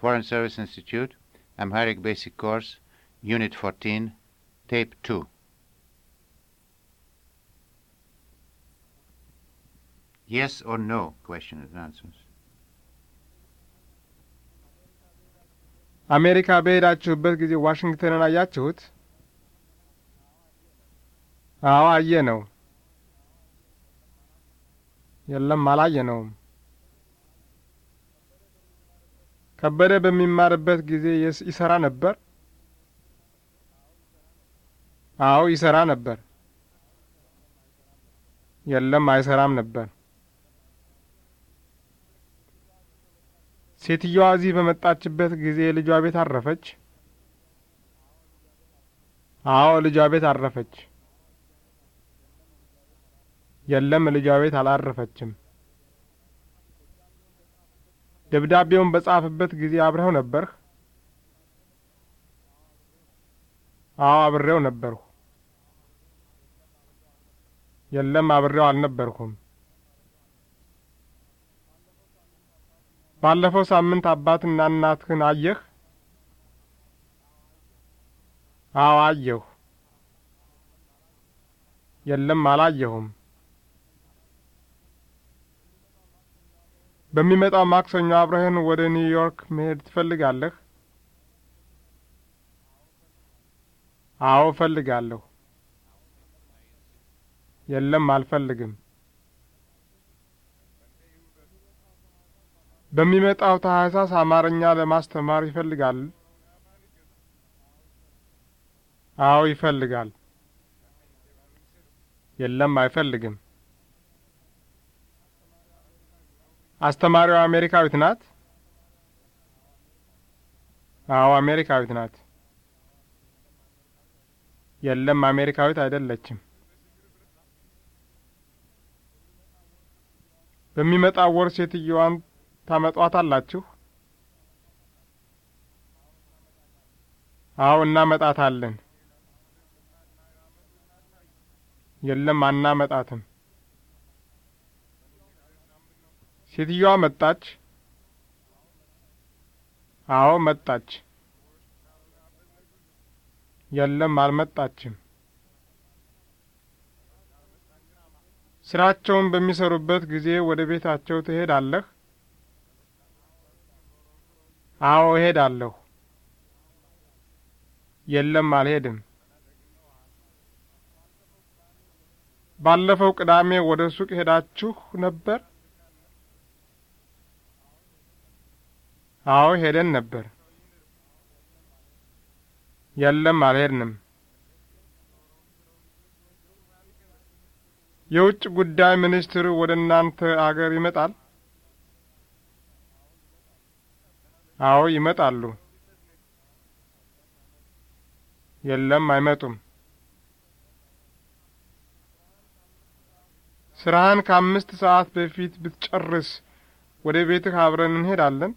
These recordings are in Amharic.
Foreign Service Institute, Amharic Basic Course, Unit 14, Tape 2. Yes or no? Question and answers. አሜሪካ በሄዳችሁበት ጊዜ ዋሽንግተንን አያችሁት? አዎ አየ ነው። የለም አላየ ነውም። ከበደ በሚማርበት ጊዜ ይሰራ ነበር? አዎ ይሰራ ነበር። የለም አይሰራም ነበር። ሴትየዋ እዚህ በመጣችበት ጊዜ ልጇ ቤት አረፈች? አዎ ልጇ ቤት አረፈች። የለም ልጇ ቤት አላረፈችም። ደብዳቤውን በጻፍበት ጊዜ አብረኸው ነበርህ? አዎ አብሬው ነበርሁ። የለም አብሬው አልነበርኩም። ባለፈው ሳምንት አባትና እናትህን አየህ? አዎ አየሁ። የለም አላየሁም። በሚመጣው ማክሰኞ አብረህን ወደ ኒውዮርክ መሄድ ትፈልጋለህ? አዎ እፈልጋለሁ። የለም አልፈልግም። በሚመጣው ታህሳስ አማርኛ ለማስተማር ይፈልጋል? አዎ ይፈልጋል። የለም አይፈልግም። አስተማሪዋ አሜሪካዊት ናት? አዎ አሜሪካዊት ናት። የለም አሜሪካዊት አይደለችም። በሚመጣው ወር ሴትየዋን ታመጧታላችሁ? አዎ እናመጣታለን። የለም አናመጣትም። ሴትዮዋ መጣች? አዎ መጣች። የለም አልመጣችም። ስራቸውን በሚሰሩበት ጊዜ ወደ ቤታቸው ትሄዳለህ? አዎ እሄዳለሁ። የለም አልሄድም። ባለፈው ቅዳሜ ወደ ሱቅ ሄዳችሁ ነበር? አዎ ሄደን ነበር። የለም አልሄድንም። የውጭ ጉዳይ ሚኒስትር ወደ እናንተ አገር ይመጣል? አዎ ይመጣሉ። የለም አይመጡም። ስራህን ከአምስት ሰዓት በፊት ብትጨርስ ወደ ቤትህ አብረን እንሄዳለን።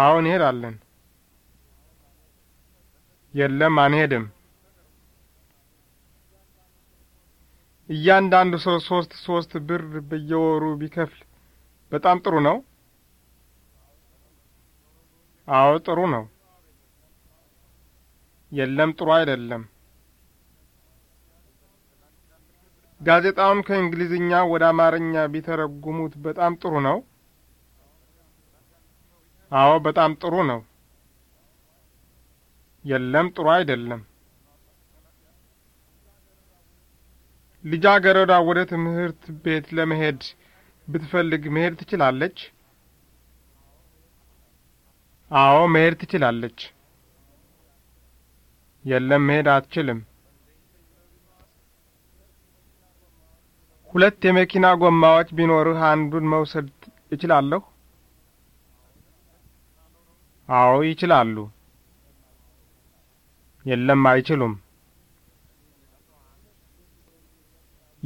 አዎ እንሄዳለን። የለም አንሄድም። እያንዳንዱ ሰው ሶስት ሶስት ብር በየወሩ ቢከፍል በጣም ጥሩ ነው። አዎ ጥሩ ነው። የለም ጥሩ አይደለም። ጋዜጣውን ከእንግሊዝኛ ወደ አማርኛ ቢተረጉሙት በጣም ጥሩ ነው። አዎ በጣም ጥሩ ነው። የለም ጥሩ አይደለም። ልጃገረዷ ወደ ትምህርት ቤት ለመሄድ ብትፈልግ መሄድ ትችላለች? አዎ መሄድ ትችላለች። የለም መሄድ አትችልም። ሁለት የመኪና ጎማዎች ቢኖርህ አንዱን መውሰድ እችላለሁ? አዎ ይችላሉ። የለም አይችሉም።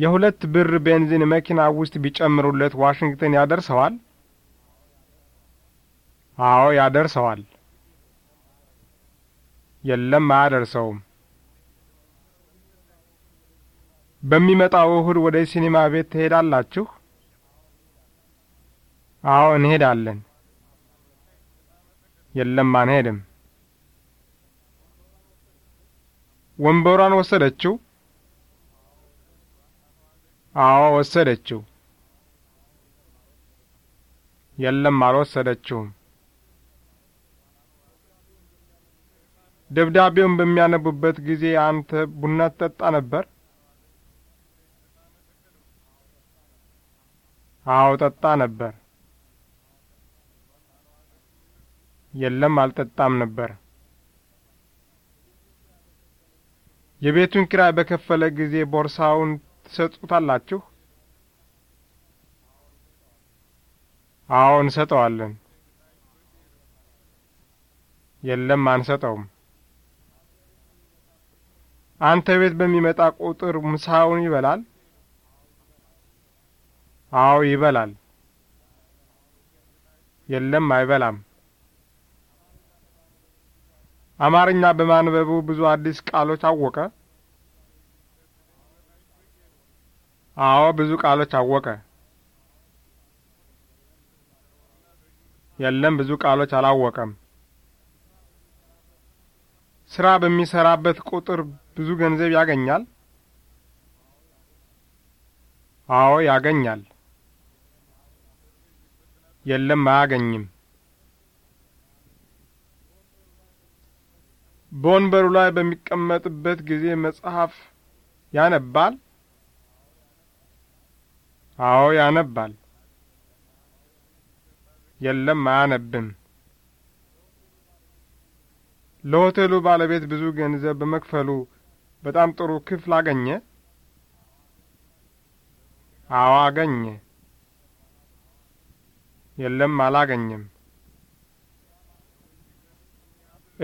የሁለት ብር ቤንዚን መኪና ውስጥ ቢጨምሩለት ዋሽንግተን ያደርሰዋል? አዎ ያደርሰዋል። የለም አያደርሰውም። በሚመጣው እሁድ ወደ ሲኒማ ቤት ትሄዳላችሁ? አዎ እንሄዳለን። የለም አንሄድም። ወንበሯን ወሰደችው? አዎ ወሰደችው። የለም አልወሰደችውም። ደብዳቤውን በሚያነቡበት ጊዜ አንተ ቡና ትጠጣ ነበር? አዎ ጠጣ ነበር። የለም አልጠጣም ነበር። የቤቱን ኪራይ በከፈለ ጊዜ ቦርሳውን ትሰጡታላችሁ? አዎ እንሰጠዋለን። የለም አንሰጠውም። አንተ ቤት በሚመጣ ቁጥር ምሳውን ይበላል? አዎ ይበላል። የለም አይበላም። አማርኛ በማንበቡ ብዙ አዲስ ቃሎች አወቀ? አዎ፣ ብዙ ቃሎች አወቀ። የለም፣ ብዙ ቃሎች አላወቀም። ስራ በሚሰራበት ቁጥር ብዙ ገንዘብ ያገኛል? አዎ፣ ያገኛል። የለም፣ አያገኝም። በወንበሩ ላይ በሚቀመጥበት ጊዜ መጽሐፍ ያነባል? አዎ ያነባል። የለም አያነብም። ለሆቴሉ ባለቤት ብዙ ገንዘብ በመክፈሉ በጣም ጥሩ ክፍል አገኘ? አዎ አገኘ። የለም አላገኘም።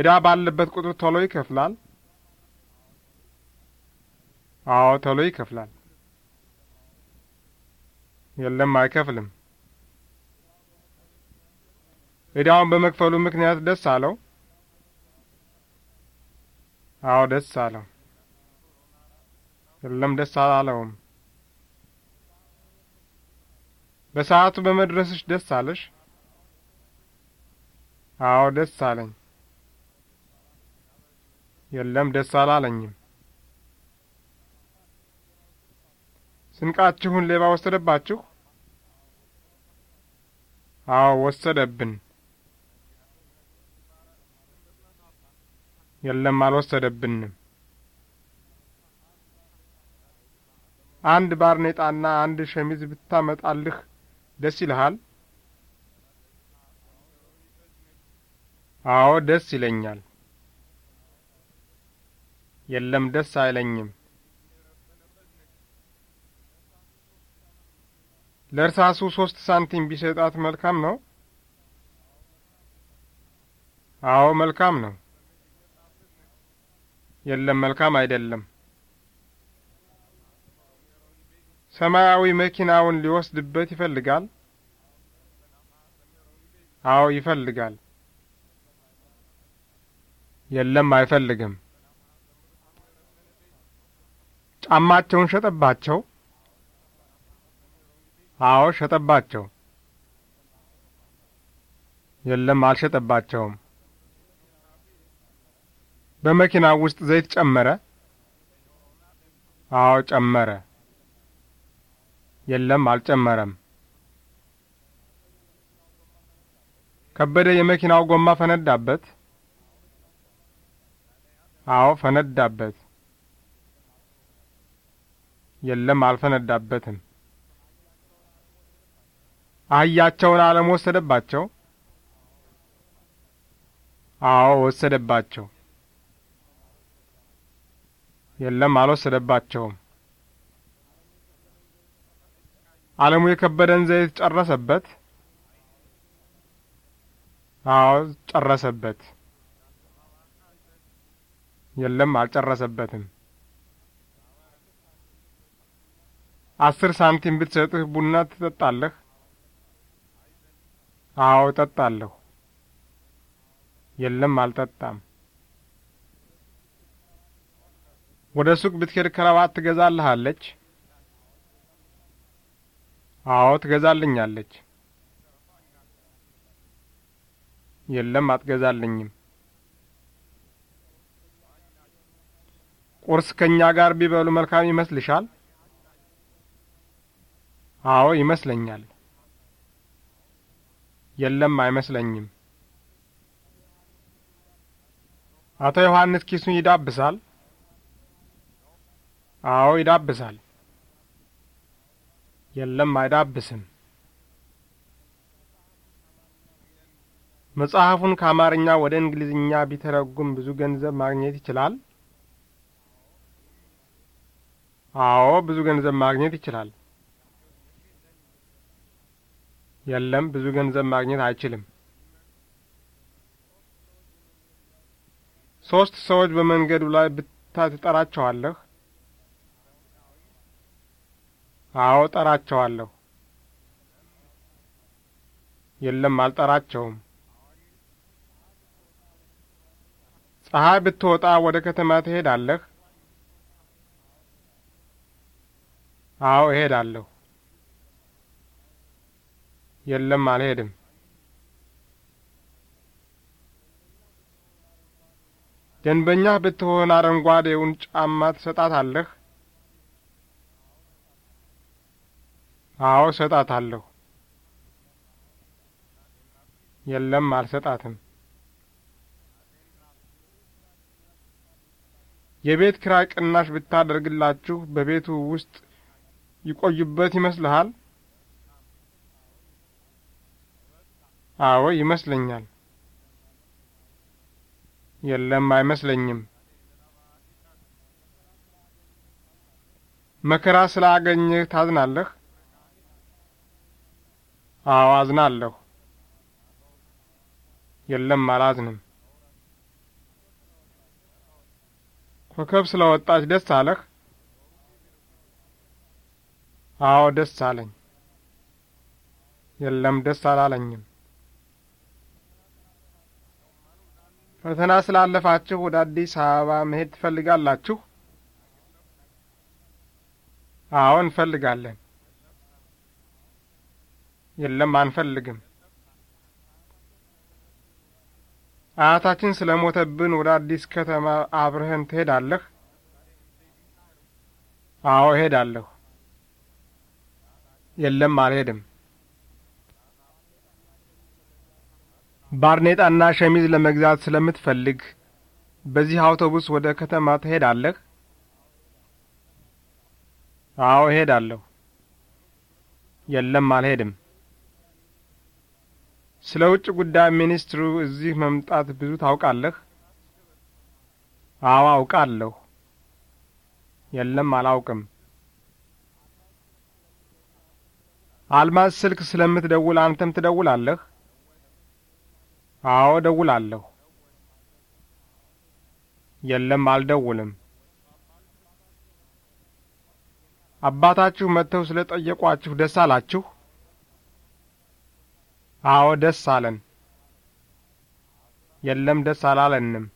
እዳ ባለበት ቁጥር ቶሎ ይከፍላል? አዎ ቶሎ ይከፍላል። የለም አይከፍልም። እዳውን በመክፈሉ ምክንያት ደስ አለው? አዎ ደስ አለው። የለም ደስ አላለውም። በሰዓቱ በመድረስሽ ደስ አለሽ? አዎ ደስ አለኝ። የለም ደስ አላለኝም። ስንቃችሁን ሌባ ወሰደባችሁ? አዎ ወሰደብን። የለም አልወሰደብንም። አንድ ባርኔጣና አንድ ሸሚዝ ብታመጣልህ ደስ ይልሃል? አዎ ደስ ይለኛል። የለም ደስ አይለኝም። ለእርሳሱ ሶስት ሳንቲም ቢሰጣት መልካም ነው? አዎ መልካም ነው። የለም መልካም አይደለም። ሰማያዊ መኪናውን ሊወስድበት ይፈልጋል? አዎ ይፈልጋል። የለም አይፈልግም። ጫማቸውን ሸጠባቸው? አዎ ሸጠባቸው። የለም አልሸጠባቸውም። በመኪና ውስጥ ዘይት ጨመረ? አዎ ጨመረ። የለም አልጨመረም። ከበደ የመኪናው ጎማ ፈነዳበት? አዎ ፈነዳበት። የለም አልፈነዳበትም። አህያቸውን አለም ወሰደባቸው? አዎ ወሰደባቸው። የለም አልወሰደባቸውም። አለሙ የከበደን ዘይት ጨረሰበት? አዎ ጨረሰበት። የለም አልጨረሰበትም። አስር ሳንቲም ብትሰጥህ ቡና ትጠጣለህ? አዎ እጠጣለሁ። የለም አልጠጣም። ወደ ሱቅ ብትሄድ ከረባት ትገዛልሃለች? አዎ ትገዛልኛለች። የለም አትገዛልኝም። ቁርስ ከእኛ ጋር ቢበሉ መልካም ይመስልሻል? አዎ ይመስለኛል። የለም አይመስለኝም። አቶ ዮሐንስ ኪሱን ይዳብሳል? አዎ ይዳብሳል። የለም አይዳብስም። መጽሐፉን ከአማርኛ ወደ እንግሊዝኛ ቢተረጉም ብዙ ገንዘብ ማግኘት ይችላል? አዎ ብዙ ገንዘብ ማግኘት ይችላል። የለም ብዙ ገንዘብ ማግኘት አይችልም። ሶስት ሰዎች በመንገዱ ላይ ብታ ትጠራቸዋለህ? አዎ ጠራቸዋለሁ። የለም አልጠራቸውም። ፀሐይ ብትወጣ ወደ ከተማ ትሄዳለህ? አዎ እሄዳለሁ። የለም አልሄድም። ደንበኛህ ብትሆን አረንጓዴውን ጫማ ትሰጣታለህ? አዎ እሰጣታለሁ። የለም አልሰጣትም። የቤት ኪራይ ቅናሽ ብታደርግላችሁ በቤቱ ውስጥ ይቆዩበት ይመስልሃል? አዎ ይመስለኛል። የለም አይመስለኝም። መከራ ስላገኘህ ታዝናለህ? አዎ አዝናለሁ። የለም አላዝንም። ኮከብ ስለወጣች ደስ አለህ? አዎ ደስ አለኝ። የለም ደስ አላለኝም። ፈተና ስላለፋችሁ ወደ አዲስ አበባ መሄድ ትፈልጋላችሁ? አዎ እንፈልጋለን። የለም አንፈልግም። አያታችን ስለ ሞተብን ወደ አዲስ ከተማ አብረህን ትሄዳለህ? አዎ እሄዳለሁ። የለም አልሄድም። ባርኔጣና ሸሚዝ ለመግዛት ስለምትፈልግ በዚህ አውቶቡስ ወደ ከተማ ትሄዳለህ? አዎ እሄዳለሁ። የለም አልሄድም። ስለ ውጭ ጉዳይ ሚኒስትሩ እዚህ መምጣት ብዙ ታውቃለህ? አዎ አውቃለሁ። የለም አላውቅም። አልማዝ ስልክ ስለምትደውል አንተም ትደውላለህ? አዎ እደውላለሁ። የለም አልደውልም። አባታችሁ መጥተው ስለ ጠየቋችሁ ደስ አላችሁ? አዎ ደስ አለን። የለም ደስ አላለንም።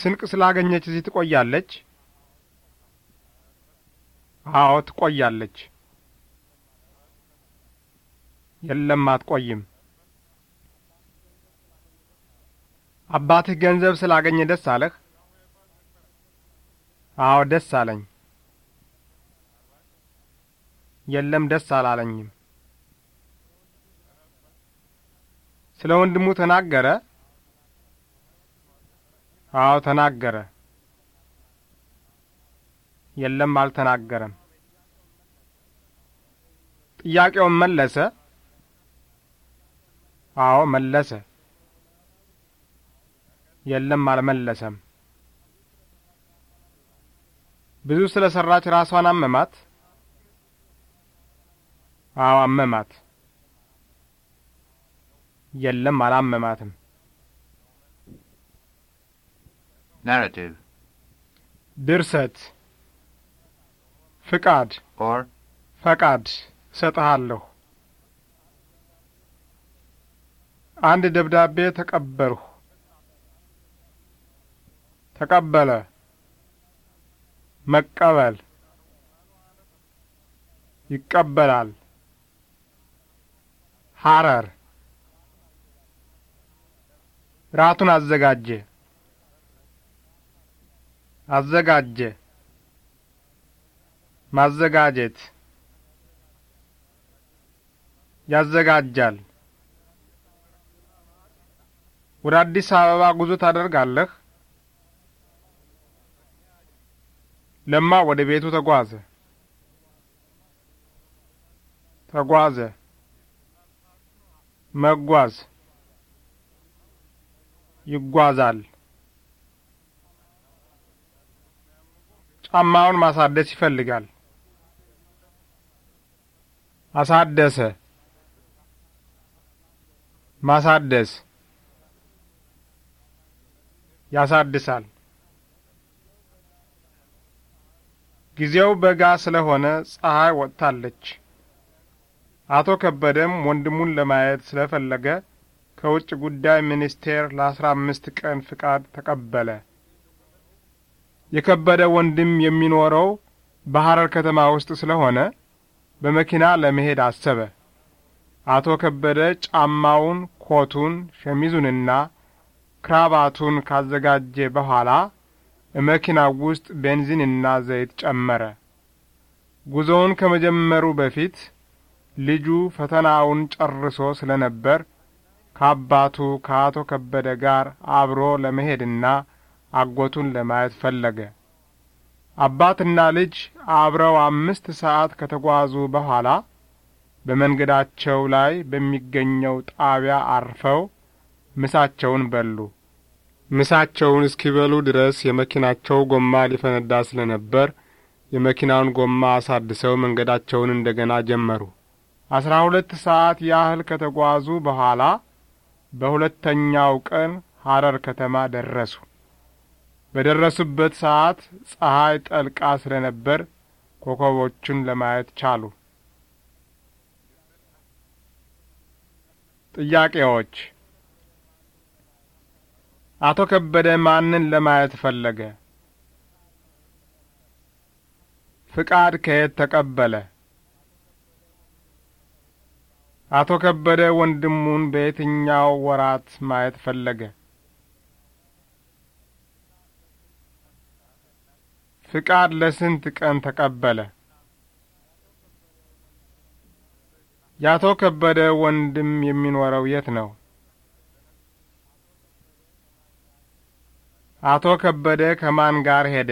ስንቅ ስላገኘች እዚህ ትቆያለች? አዎ ትቆያለች። የለም አትቆይም። አባትህ ገንዘብ ስላገኘ ደስ አለህ? አዎ ደስ አለኝ። የለም ደስ አላለኝም። ስለ ወንድሙ ተናገረ? አዎ ተናገረ። የለም አልተናገረም። ጥያቄውን መለሰ? አዎ መለሰ። የለም አልመለሰም። ብዙ ስለ ሰራች ራሷን አመማት። አዎ አመማት። የለም አላመማትም። ናራቲቭ ድርሰት ፍቃድ ኦር ፈቃድ እሰጥሃለሁ አንድ ደብዳቤ ተቀበልሁ። ተቀበለ፣ መቀበል፣ ይቀበላል። ሐረር ራቱን አዘጋጀ፣ አዘጋጀ፣ ማዘጋጀት፣ ያዘጋጃል። ወደ አዲስ አበባ ጉዞ ታደርጋለህ? ለማ ወደ ቤቱ ተጓዘ። ተጓዘ መጓዝ ይጓዛል። ጫማውን ማሳደስ ይፈልጋል። አሳደሰ ማሳደስ ያሳድሳል። ጊዜው በጋ ስለሆነ ፀሐይ ወጥታለች። አቶ ከበደም ወንድሙን ለማየት ስለፈለገ ከውጭ ጉዳይ ሚኒስቴር ለአስራ አምስት ቀን ፍቃድ ተቀበለ። የከበደ ወንድም የሚኖረው በሐረር ከተማ ውስጥ ስለሆነ በመኪና ለመሄድ አሰበ። አቶ ከበደ ጫማውን፣ ኮቱን፣ ሸሚዙንና ክራባቱን ካዘጋጀ በኋላ መኪናው ውስጥ ቤንዚንና ዘይት ጨመረ። ጉዞውን ከመጀመሩ በፊት ልጁ ፈተናውን ጨርሶ ስለነበር ከአባቱ ከአቶ ከበደ ጋር አብሮ ለመሄድና አጎቱን ለማየት ፈለገ። አባትና ልጅ አብረው አምስት ሰዓት ከተጓዙ በኋላ በመንገዳቸው ላይ በሚገኘው ጣቢያ አርፈው ምሳቸውን በሉ። ምሳቸውን እስኪበሉ ድረስ የመኪናቸው ጎማ ሊፈነዳ ስለነበር የመኪናውን ጎማ አሳድሰው መንገዳቸውን እንደገና ጀመሩ። አስራ ሁለት ሰዓት ያህል ከተጓዙ በኋላ በሁለተኛው ቀን ሐረር ከተማ ደረሱ። በደረሱበት ሰዓት ፀሐይ ጠልቃ ስለነበር ኮከቦቹን ለማየት ቻሉ። ጥያቄዎች አቶ ከበደ ማንን ለማየት ፈለገ? ፍቃድ ከየት ተቀበለ? አቶ ከበደ ወንድሙን በየትኛው ወራት ማየት ፈለገ? ፍቃድ ለስንት ቀን ተቀበለ? የአቶ ከበደ ወንድም የሚኖረው የት ነው? አቶ ከበደ ከማን ጋር ሄደ?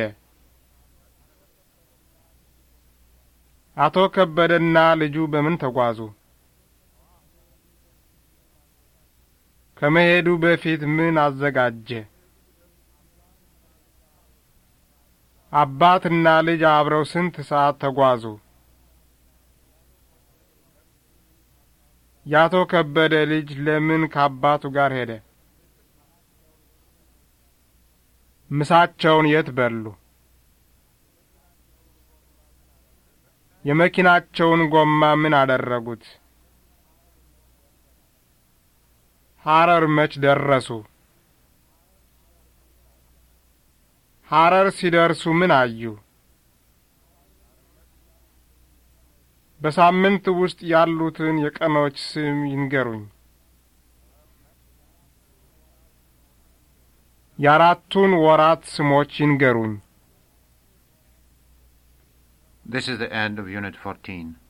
አቶ ከበደና ልጁ በምን ተጓዙ? ከመሄዱ በፊት ምን አዘጋጀ? አባትና ልጅ አብረው ስንት ሰዓት ተጓዙ? የአቶ ከበደ ልጅ ለምን ከአባቱ ጋር ሄደ? ምሳቸውን የት በሉ? የመኪናቸውን ጎማ ምን አደረጉት? ሐረር መች ደረሱ? ሐረር ሲደርሱ ምን አዩ? በሳምንት ውስጥ ያሉትን የቀኖች ስም ይንገሩኝ። የአራቱን ወራት ስሞች ይንገሩኝ። This is the end of Unit 14.